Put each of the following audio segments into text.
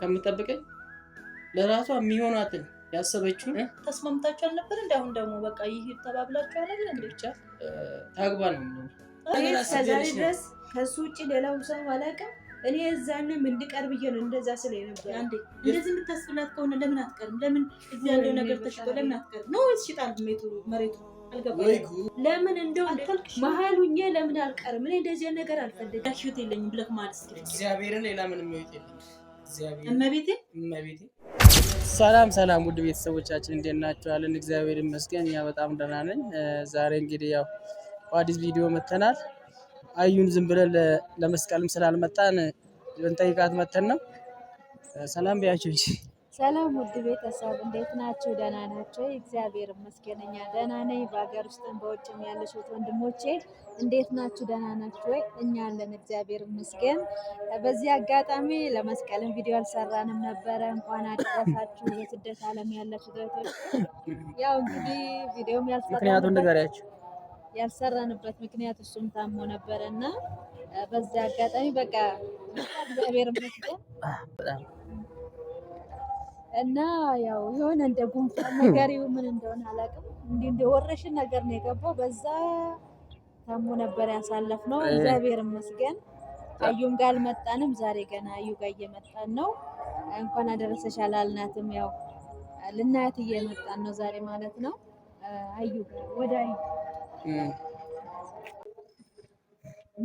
ከምጠብቀኝ ለራሷ የሚሆናትን ያሰበችውን ተስማምታችሁ አልነበር? እንደ አሁን ደግሞ በቃ ይህ ተባብላችሁ አለ እንደ ብቻ ታግባ ነው። እስከዛሬ ድረስ ከሱ ውጭ ሌላው ሰው አላውቅም። እኔ እዛንም እንድቀርብ ብዬ ነው እንደዛ ስለ ነበር። እንደዚህ የምታስብላት ከሆነ ለምን አትቀርም? ለምን እዚህ ያለው ነገር ተሽጦ ለምን አትቀርም ነው? ሽጣል ሜቱ መሬቱ ለምን እንደው መሀሉኛ ለምን አልቀርም? እኔ እንደዚህ ነገር አልፈልግም። ሽት የለኝም ብለህ ማለት እግዚአብሔርን ሌላ ምንም ይወት የለም ሰላም ሰላም፣ ውድ ቤተሰቦቻችን እንዴት ናችኋልን? እግዚአብሔር ይመስገን እኛ በጣም ደህና ዛሬ እንግዲህ ያው በአዲስ ቪዲዮ መተናል። አዩን ዝም ብለን ለመስቀልም ስላልመጣን ልንጠይቃት መተን ነው። ሰላም ቢያቸው እንጂ ሰላም ውድ ቤተሰብ እንዴት ናችሁ? ደህና ናቸው። እግዚአብሔር ይመስገን እኛ ደህና ነኝ። በሀገር ውስጥም በውጭም ያለሽት ወንድሞቼ እንዴት ናችሁ? ደህና ናችሁ ወይ? እኛ አለን እግዚአብሔር ይመስገን። በዚህ አጋጣሚ ለመስቀልም ቪዲዮ አልሰራንም ነበረ። እንኳን አደረሳችሁ የስደት ዓለም ያላችሁ ደቶች። ያው እንግዲህ ቪዲዮም ያልሰራንበት ምክንያት እሱም ታሞ ነበረ እና በዚህ አጋጣሚ በቃ እግዚአብሔር ይመስገን እና ያው የሆነ እንደ ጉንፋን ነገር ምን እንደሆነ አላውቅም፣ እንዲህ እንደ ወረሽን ነገር ነው የገባው። በዛ ታሞ ነበር ያሳለፍነው። እግዚአብሔር ይመስገን አዩም ጋር አልመጣንም። ዛሬ ገና አዩ ጋር እየመጣን ነው። እንኳን አደረሰሽ አላልናትም። ያው ልናያት እየመጣን ነው ዛሬ ማለት ነው። አዩ ጋር ወደ አዩ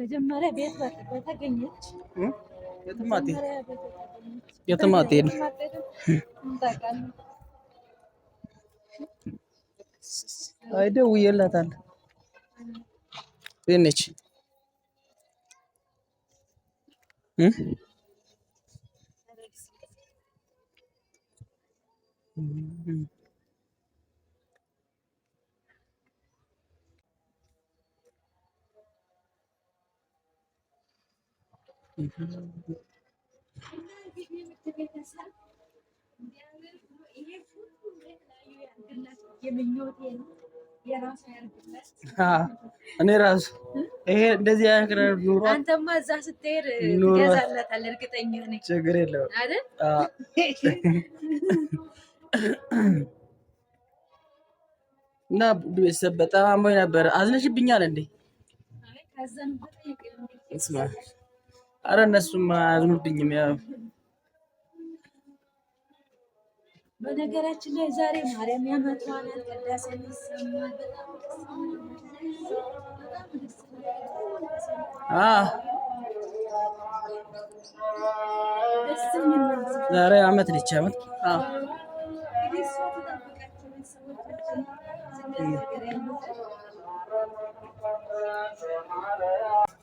መጀመሪያ ቤት በተገኘች Yatamatin. Yatamatin. አይደ ውየላታል ትንሽ hmm. እኔ ራሱ ይሄ እንደዚህ ያክራር ኑሮ አንተማ እዛ ስትሄድ ትገዛለታለህ፣ እርግጠኛ ነኝ። ችግር የለውም ቤተሰብ በጣም አሞኝ ነበር። አዝነሽብኛል እንዴ? አረ እነሱም አያዝኑብኝም። ያው በነገራችን ላይ ዛሬ ማርያም ያመጣዋል ቅዳሴ ይሰማል። ዛሬ አመት ልጅ አመት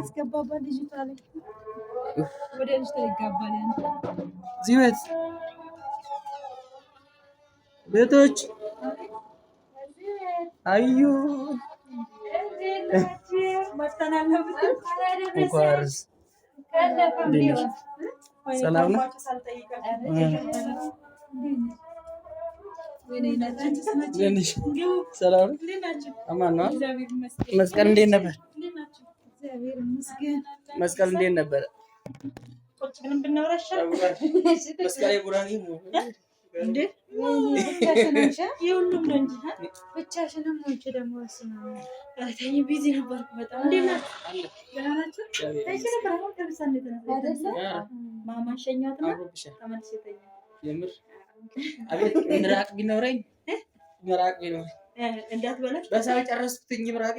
አስገባባል ልጅቷ ላይ ወደ ልጅቷ ይጋባል። ያንተ እዚህ ቤት ቤቶች አዩ ሰላም ነው። ሰላም አማን ነው። መስቀል እንዴት ነበር? መስቀል እንዴት ነበረ? አቤት ምራቅ ቢኖረኝ ምራቅ ቢኖረኝ ጨረስኩትኝ ምራቅ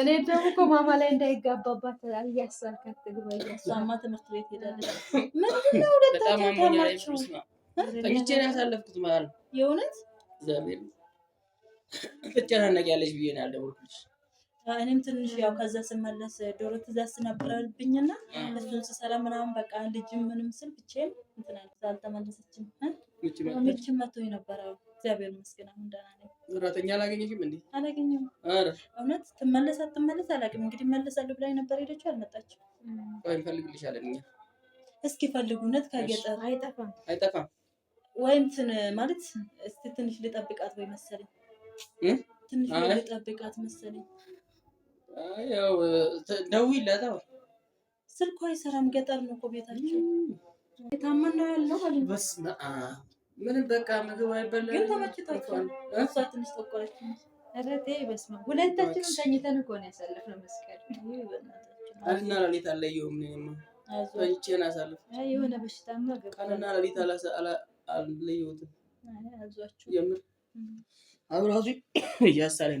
እኔ ደግሞ እኮ ማማ ላይ እንዳይጋባባት እያሳካት ትምህርት ቤት ሄዳለች። ነው ያሳለፍኩት ማለት ነው። የእውነት ትጨናነቂያለሽ ብዬ ነው ያልደወልኩልሽ እኔም ትንሽ ያው ከዛ ስመለስ ዶሮ ትእዛዝ ነበረብኝና እሱን ስሰራ ምናምን በቃ ልጅም ምንም ስል ብቻዬን እንትን አልተመለሰችም። ምች መቶኝ ነበረ። እግዚአብሔር ይመስገን አሁን ደህና ነኝ። ሰራተኛ አላገኘሽም እንዴ? አላገኘም። እውነት ትመለስ አትመለስ አላውቅም። እንግዲህ እመለሳለሁ ብላኝ ነበር፣ ሄደችው አልመጣችም። እንፈልግልሻለን እኛ። እስኪ ፈልጉ። እውነት ከገጠር አይጠፋም አይጠፋም። ወይ እንትን ማለት እስኪ ትንሽ ልጠብቃት ወይ መሰለኝ፣ ትንሽ ልጠብቃት መሰለኝ ያው ደውይለታ ስልኳ አይሰራም። ገጠር ነው እኮ ቤታቸው። ታመና ያለው በስመ አብ ምንም በቃ ምግብ አይበላም። ግን ተመችቷቸዋል። እሷ ትንሽ ጠቆረች። ረቴ በስመ አብ ሁለታችንም ተኝተን እኮ ነው ያሳለፍነው። መስቀል አልና ሌሊት አለየውም። እኔማ ተኝቼን አሳለፍኩት። የሆነ በሽታማ ቀንና ሌሊት አለየሁትም። የምር አሁን እራሱ እያሳለኝ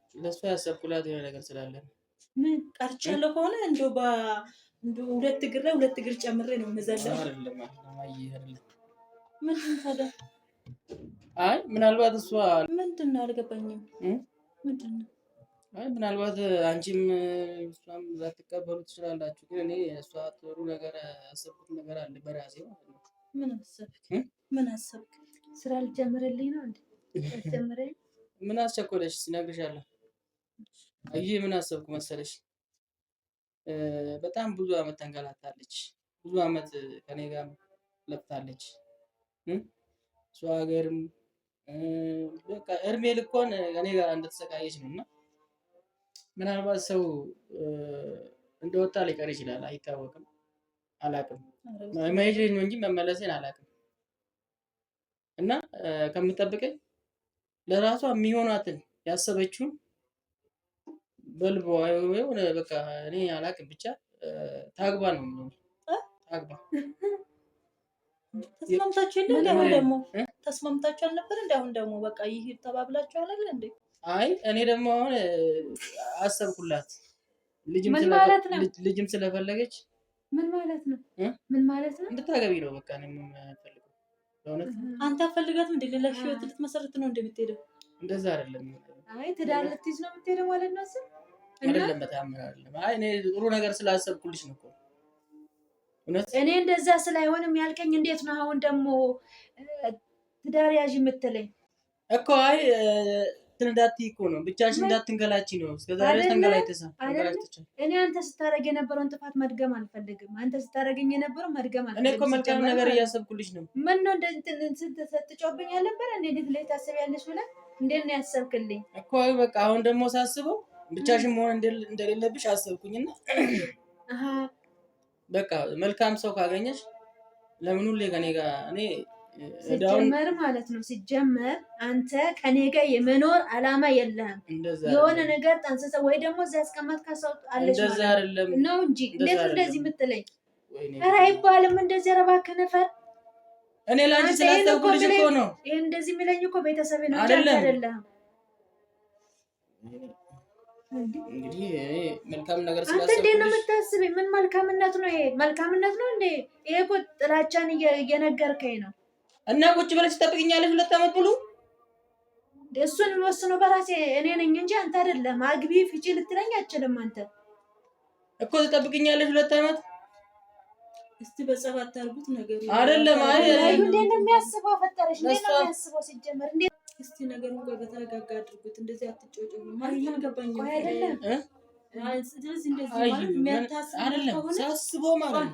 ለእሷ ያሰብኩላት የሆነ ነገር ስላለ ምን ቀርቻለሁ ከሆነ እንደ ሁለት እግር ላይ ሁለት እግር ጨምሬ ነው የምዘለው። ምንድን ታዲያ? አይ ምናልባት እሷ ምንድን ነው አልገባኝም። ምንድን ነው? አይ ምናልባት አንቺም እሷም ላትቀበሉ ትችላላችሁ፣ ግን እኔ እሷ ጥሩ ነገር ያሰብኩት ነገር አለ በራሴ ማለት ነው። ምን አሰብክ? ምን አሰብክ? ስራ ልጀምርልኝ ነው እንዴ? ምን አስቸኮለሽ? እነግርሻለሁ ይህ ምን አሰብኩ መሰለሽ፣ በጣም ብዙ አመት ተንገላታለች። ብዙ አመት ከኔ ጋር ለብታለች። እሷ ሀገርም በቃ እድሜ ልኳን ከኔ ጋር እንደተሰቃየች ነው እና ምናልባት ሰው እንደወጣ ሊቀር ይችላል፣ አይታወቅም። አላቅም መሄድ ነው እንጂ መመለሴን አላቅም። እና ከምጠብቀኝ ለራሷ የሚሆኗትን ያሰበችውን በልቦ የሆነ በቃ እኔ አላቅም ብቻ ታግባ ነው የሚሆ ታግባ ተስማምታችሁ የለ አሁን ደግሞ ተስማምታችሁ አልነበር እንዲ አሁን ደግሞ በቃ ይህ ተባብላችሁ አላለ እንዴ? አይ እኔ ደግሞ አሁን አሰብኩላት ልጅም ስለፈለገች ምን ማለት ነው? ምን ማለት ነው? እንድታገቢ ነው በቃ የምፈልገው። በእውነት አንተ አፈልጋትም እንደ ሌላ ህይወት ልትመሰረት ነው እንደምትሄደው እንደዛ አይደለም። አይ ትዳር ልትይዝ ነው የምትሄደው ማለት ነው ስም አይደለም በተአምር አይደለም። አይ እኔ ጥሩ ነገር ስላሰብኩልሽ ነው እኮ እኔ እንደዛ ስላይሆንም ያልከኝ እንዴት ነው አሁን ደግሞ ትዳር ያዥ የምትለኝ እኮ? አይ እንዳት እኮ ነው ብቻሽን እንዳትንገላች ነው እስከዛሬ ተንገላይተሻል። እኔ አንተ ስታደርግ የነበረውን ጥፋት መድገም አልፈልግም። አንተ ስታደርገኝ የነበረው መድገም አልፈልግም። እኔ እኮ መልካም ነገር እያሰብኩልሽ ነው። ምን ነው ስትጨብኝ አልነበረ እንዴት ላይ ታስቢያለሽ ብለህ እንዴት ነው ያሰብክልኝ እኮ በቃ አሁን ደግሞ ሳስበው ብቻሽን መሆን እንደሌለብሽ አሰብኩኝና በቃ መልካም ሰው ካገኘሽ ለምን ሁሌ ከኔ ጋር እኔ ሲጀመር ማለት ነው። ሲጀመር አንተ ከኔ ጋር የመኖር አላማ የለህም። የሆነ ነገር ጠንስሰ ወይ ደግሞ እዚህ ያስቀመጥከው ሰው አለች ነው እንጂ እንዴት እንደዚህ የምትለኝ? ኧረ አይባልም እንደዚህ። ኧረ እባክህ ነፈር እኔ ለአንቺ ስላሰብኩልሽ እኮ ነው ይህን እንደዚህ የሚለኝ እኮ ቤተሰብ ነው አይደለም እንግዲህ መልካም እንዴት ነው የምታስብ? ምን መልካምነት ነው ይሄ? መልካምነት ነው እንዴ? ይሄ እኮ ጥላቻን እየነገርከኝ ነው። እና ቁጭ ብለሽ ትጠብቅኛለሽ ሁለት ዓመት ብሉ። እሱን የምወስነው በራሴ እኔ ነኝ እንጂ አንተ አይደለም። አግቢ ፍጪ ልትለኝ አችልም። አንተ እኮ ትጠብቅኛለሽ ሁለት ዓመት። እስቲ በጸብ አታርጉት ነገሩ አይደለም። አይ እንዴት ነው የሚያስበው? ፈጠረሽ እንዴት ነው የሚያስበው ሲጀመር እስቲ ነገር ቆይ በተረጋጋ አድርጉት። እንደዚህ አትጫወጪው ማለት አልገባኝም። ቆይ አይደለም ሳስቦ ማለት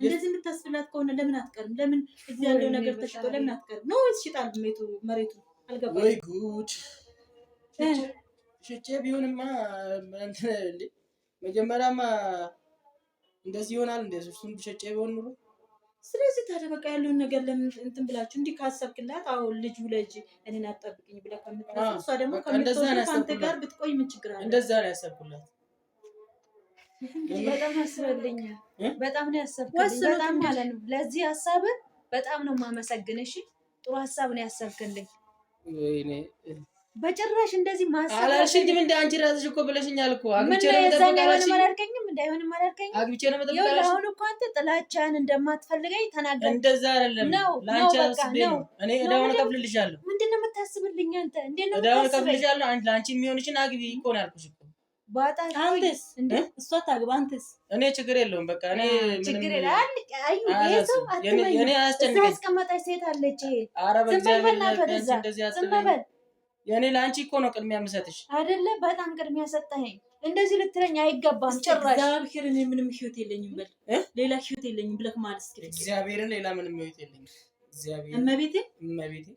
እንደዚህ የምታስብላት ከሆነ ለምን አትቀርም? ለምን እዚህ ያለው ነገር ተሽጦ ለምን አትቀርም? ነው ወይስ ሽጣል መሬቱ? አልገባኝም። ወይ ጉድ! ሽጬ ቢሆንማ መጀመሪያማ እንደዚህ ይሆናል። እንደዚህ እሱን ብሸጬ ቢሆን ኑሮ ስለዚህ ታዲያ በቃ ያለውን ነገር ለምን እንትን ብላችሁ እንዲህ ካሰብክላት፣ አዎ ልጅ ውለጅ እኔን አጠብቅኝ ብለህ ከምትነሳ እሷ ደግሞ ከአንተ ጋር ብትቆይ ምን ችግር አለ? እንደዛ ነው ያሰብኩላት። በጣም አስበልኛል። በጣም ነው ያሰብክልኝ። በጣም ማለት ነው። ለዚህ ሀሳብህ በጣም ነው የማመሰግንሽ። ጥሩ ሀሳብ ነው ያሰብክልኝ። በጭራሽ እንደዚህ ማሰብ እንደ አንቺ ራስሽ እኮ ብለሽኛል እኮ አግብቼ ነው አላልከኝም። እንዳይሆንም አላልከኝም። አግብቼ ነው መጠበቅ አላልሽኝ። አሁን እኮ አንተ ጥላቻን እንደማትፈልገኝ ተናገር። እንደዛ አይደለም ነው ላንቺ አስቤ ነው። እኔ እዳውን እከፍልልሻለሁ። ምንድን ነው የምታስብልኝ አንተ? እንዴ ነው እዳውን እከፍልልሻለሁ። አንቺ ላንቺ የሚሆንሽን አግቢ እኮ ነው ያልኩሽ እኮ አንተስ እንደ እሷ ታግባ አንተስ። እኔ ችግር የለውም በቃ እኔ ችግር የለም። አይ ሰው አትመኝ። እኔ አያስጨንቀኝ። ያስቀመጠች ሴት አለች። ኧረ በእግዚአብሔር እንደዚህ አስበኝ የኔ ለአንቺ እኮ ነው ቅድሚያ የምሰጥሽ አይደለ? በጣም ቅድሚያ ሰጠኸኝ። እንደዚህ ልትለኝ አይገባም ጭራሽ። እግዚአብሔር ምንም ህይወት የለኝም በል ሌላ ህይወት የለኝም ብለህ ማለት እስኪ እግዚአብሔርን ሌላ ምንም ህይወት የለኝም። እመቤቴ እመቤቴ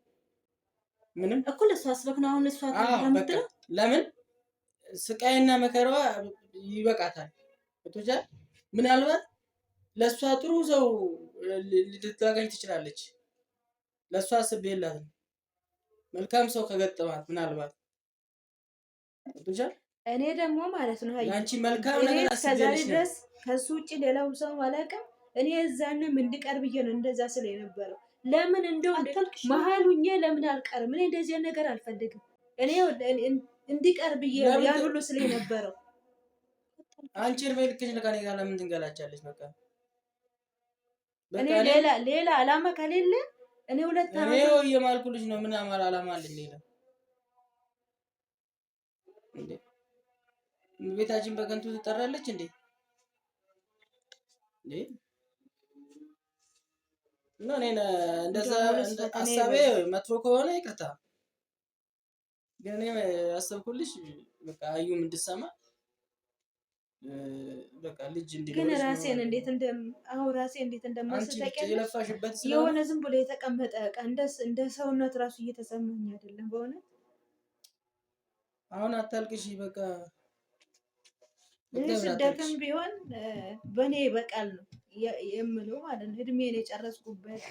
ምንም እኮ ለእሷ አስበክ ነው አሁን እሷ ምትለው ለምን ስቃይና መከራዋ ይበቃታል። ቶቻ ምናልባት ለእሷ ጥሩ ሰው ልታገኝ ትችላለች። ለእሷ አስቤላት ነው መልካም ሰው ከገጠማት ምናልባት እኔ ደግሞ ማለት ነው እስከዛሬ ድረስ ከሱ ውጭ ሌላውም ሰው አላውቅም። እኔ እዛንም እንድቀርብ ብዬ ነው እንደዛ ስለ የነበረው ለምን እንደው መሀሉኜ ለምን አልቀርም? እኔ እንደዚህ ነገር አልፈልግም። እኔ እንዲቀር ብዬ ያን ሁሉ ስለ የነበረው አንቺ እድሜ ልክሽ ለካኔ ጋር ለምን ትንገላቻለች? በቃ እኔ ሌላ ሌላ አላማ ከሌለ እኔ ሁለት የማልኩ ልጅ ነው። ምን አማራ አላማ አለኝ ሌላ እንዴ? ቤታችን በከንቱ ትጠራለች እንዴ? እንዴ እና እኔ እንደዛ አሳቤ መጥፎ ከሆነ ይቅርታ፣ ግን እኔ አሰብኩልሽ በቃ አዩም እንድሰማ በቃ ልጅ ግን ራሴን እንዴት እንደም አሁን ራሴ እንዴት እንደማስተቀቅ የሆነ ዝም ብሎ የተቀመጠ ዕቃ እንደ ሰውነት ራሱ እየተሰማኝ አይደለም። በእውነት አሁን አታልቅሽ። በቃ ስደትም ቢሆን በእኔ በቃል ነው የምለው ማለት ነው። እድሜን የጨረስኩበት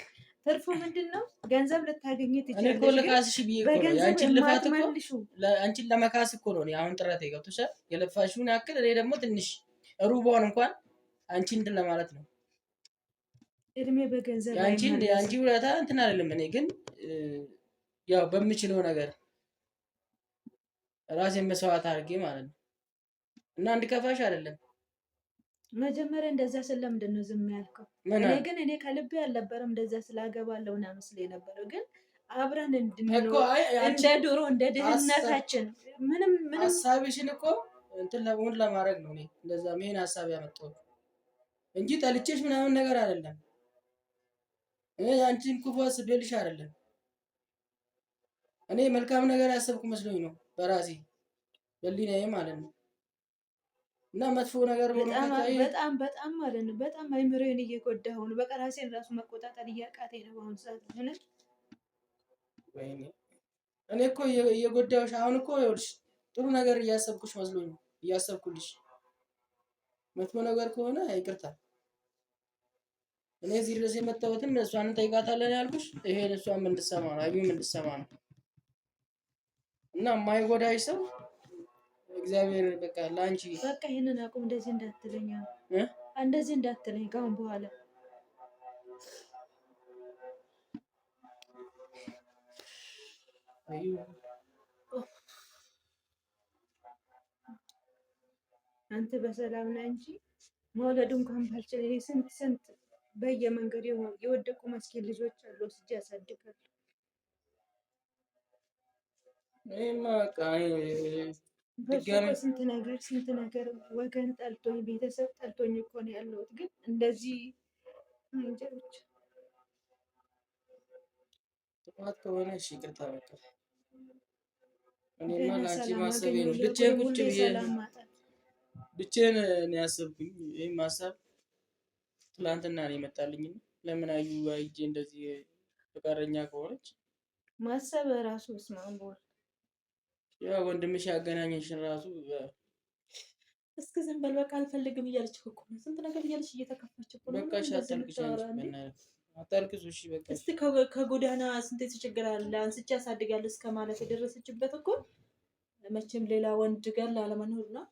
ትርፉ ምንድን ነው? ገንዘብ ልታገኝ ትችላለሽ። በገንዘብ ልፋትመልሹ አንቺን ለመካስ እኮ ነው አሁን ጥረት የገብቶሻል። የለፋሽውን ያክል እኔ ደግሞ ትንሽ ሩቧን እንኳን አንቺ እንትን ለማለት ነው። እድሜ በገንዘብ አንቺ ውለታ እንትን አይደለም። እኔ ግን ያው በምችለው ነገር ራሴን መስዋዕት አድርጌ ማለት ነው እና እንድከፋሽ አይደለም መጀመሪያ እንደዛ ስል ለምንድን ነው ዝም ያልከው? እኔ ግን እኔ ከልቤ አልነበረም እንደዛ ስላገባለው ምናምን መስሎ የነበረው ግን አብረን እንድንኖር እንደ ድሮ እንደ ድህነታችን ምንም ምንም ሀሳብሽን እኮ እንትን ለመሆን ለማድረግ ነው። እኔ እንደዛ ይሄን ሀሳብ ያመጣሁት እንጂ ጠልቼሽ ምናምን ነገር አይደለም። እኔ አንቺን ክፉ አስቤልሽ አይደለም። እኔ መልካም ነገር ያሰብኩ መስሎኝ ነው በራሴ በሊናዬ ማለት ነው። እና መጥፎ ነገር በጣም በጣም ማለት ነው። በጣም አይምሮዬን እየጎዳሁ ነው። በቃ ራሴን ራሱ መቆጣጠር እያቃተኝ ነው በአሁኑ ሰዓት። እኔ እኮ እየጎዳሁሽ አሁን እኮ ይኸውልሽ፣ ጥሩ ነገር እያሰብኩሽ መስሎኝ እያሰብኩልሽ። መጥፎ ነገር ከሆነ ይቅርታል። እኔ እዚህ ድረስ የመጣሁትም እሷን እንጠይቃታለን ያልኩሽ ይሄን እሷም እንድትሰማ ነው፣ አቢም እንድትሰማ ነው እና የማይጎዳሽ ሰው እግዚአብሔር በቃ ለአንቺ በቃ ይህንን አቁም። እንደዚህ እንዳትለኝ እንደዚህ እንዳትለኝ ካሁን በኋላ አንተ በሰላም ና እንጂ መውለድ እንኳን ባልችል እኔ ስንት ስንት በየመንገድ የወደቁ መስኪን ልጆች አሉ ስጅ ያሳድጋሉ። ይህማ በቃ ስንት ነገር ስንት ነገር ወገን ጠልቶኝ ቤተሰብ ጠልቶኝ እኮ ነው ያለሁት። ግን እንደዚህ እንጀሮች ጥፋት ከሆነ እሺ ይቅርታ በቃ እኔማ ለአንቺ ማሰቤ ነው። ብቻዬን ቁጭ ብዬ ብቻዬን ያሰብኩኝ። ይህም ትላንትና ነው የመጣልኝ። ለምን አዩ አይጄ እንደዚህ ፈቃደኛ ከሆነች ማሰብ ራሱ ስማንቦል ያው ወንድምሽ ያገናኘሽን ራሱ እስከ ዝም በል በቃ አልፈልግም እያለች እኮ ነው። ስንት ነገር እያለች እየተከፋች እኮ ነው። በቃ አታልቅሱ፣ እሺ እስቲ ከጎዳና ስንት ትቸግራለህ፣ አንስቼ ያሳድጋለሁ እስከ ማለት የደረሰችበት እኮ መቼም ሌላ ወንድ ጋር ላለመኖር ነው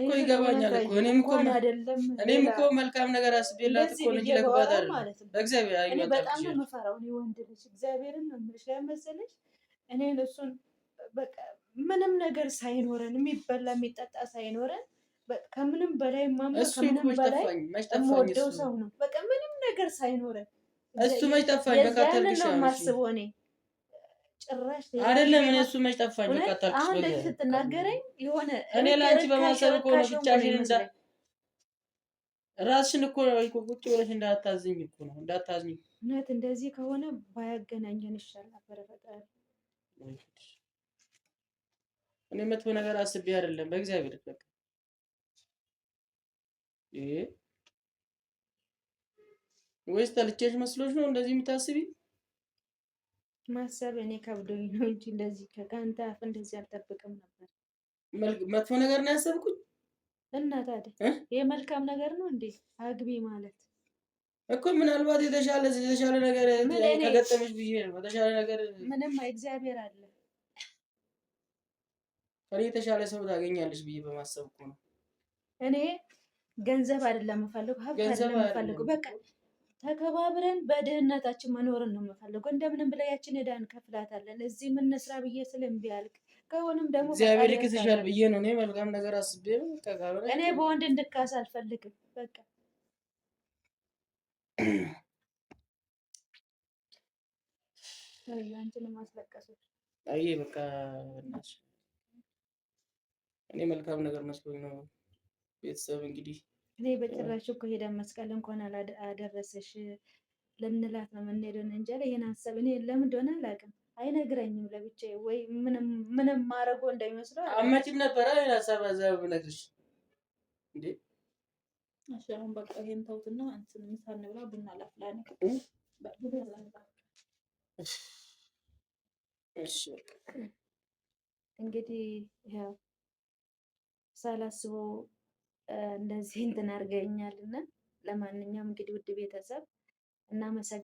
እኮ ይገባኛል እኮ እኔም እኮ እኔም እኮ መልካም ነገር አስቤላት እኮ ልጅ ለግባት አይደለም በእግዚአብሔር። አይ በጣም ነው የምፈራው እኔ ወንድ ልጅ እግዚአብሔርን ነው የምልሽ መሰለሽ እኔን እሱን በቃ ምንም ነገር ሳይኖረን የሚበላ የሚጠጣ ሳይኖረን ከምንም በላይ ማምለክ ከምንም በላይ የምወደው ሰው ነው። በቃ ምንም ነገር ሳይኖረን እሱ መች ጠፋኝ። ነው የማስበው እኔ ጭራሽ አይደለም። እሱ መች ጠፋኝ። አሁን እንደዚህ ስትናገረኝ የሆነ እኔ ለአንቺ በማሰብ እኮ ነው ብቻሽን እንዳ ራስሽን እኮ ቁጭ ብለሽ እንዳታዝኝ እኮ ነው እንዳታዝኝ። እውነት እንደዚህ ከሆነ ባያገናኘን ይሻል ነበረ ፈጣሪ እኔ መጥፎ ነገር አስቤ አይደለም። በእግዚአብሔር በቃ ወይስ ጠልቼሽ መስሎች ነው እንደዚህ የምታስቢ? ማሰብ እኔ ከብዶኝ ነው እንጂ እንደዚህ ከአንተ አፍ እንደዚህ አልጠብቅም ነበር። መጥፎ ነገር ነው ያሰብኩኝ። እና ታዲያ ይህ መልካም ነገር ነው እንዴ? አግቢ ማለት እኮ ምናልባት የተሻለ ነገር ከገጠመሽ ብዬ ነው። የተሻለ ነገር ምንም እግዚአብሔር አለ ከኔ የተሻለ ሰው ታገኛለች ብዬ በማሰብ እኮ ነው። እኔ ገንዘብ አይደለም የምፈልገው፣ ሀብት አይደለም የምፈልገው። በቃ ተከባብረን በድህነታችን መኖርን ነው የምፈልገው። እንደምንም ብለን እዳን ከፍላታለን። እንከፍላታለን። እዚህ ምን ስራ ብዬ ስለምቢያልቅ ከሆንም ደግሞ እግዚአብሔር ይክስሻል ብዬ ነው። እኔ መልካም ነገር አስቤ እኔ በወንድ እንድካስ አልፈልግም። በቃ አንቺንም አስለቀሰች። አይ በቃ እናትሽ እኔ መልካም ነገር መስሎኝ ነው። ቤተሰብ እንግዲህ እኔ በጭራሽ እኮ ሄደን መስቀል እንኳን አደረሰሽ ለምንላት ነው የምንሄደው እንጂ ይህን ሀሳብ እኔ ለምን እንደሆነ አላውቅም። አይነግረኝም ለብቻ ወይ ምንም ማድረጎ እንዳይመስለው አመችም ነበረ ሀሳብ ሀሳብ ብነግርሽ እንዴ እሺ አሁን በቃ ይሄን ተውትና እንትን ምሳ እንብላ፣ ቡና ላፍላ ነገር እንግዲህ ሳላስበው እንደዚህ እንትን አድርገኛልና ለማንኛውም እንግዲህ ውድ ቤተሰብ እናመሰግናለን።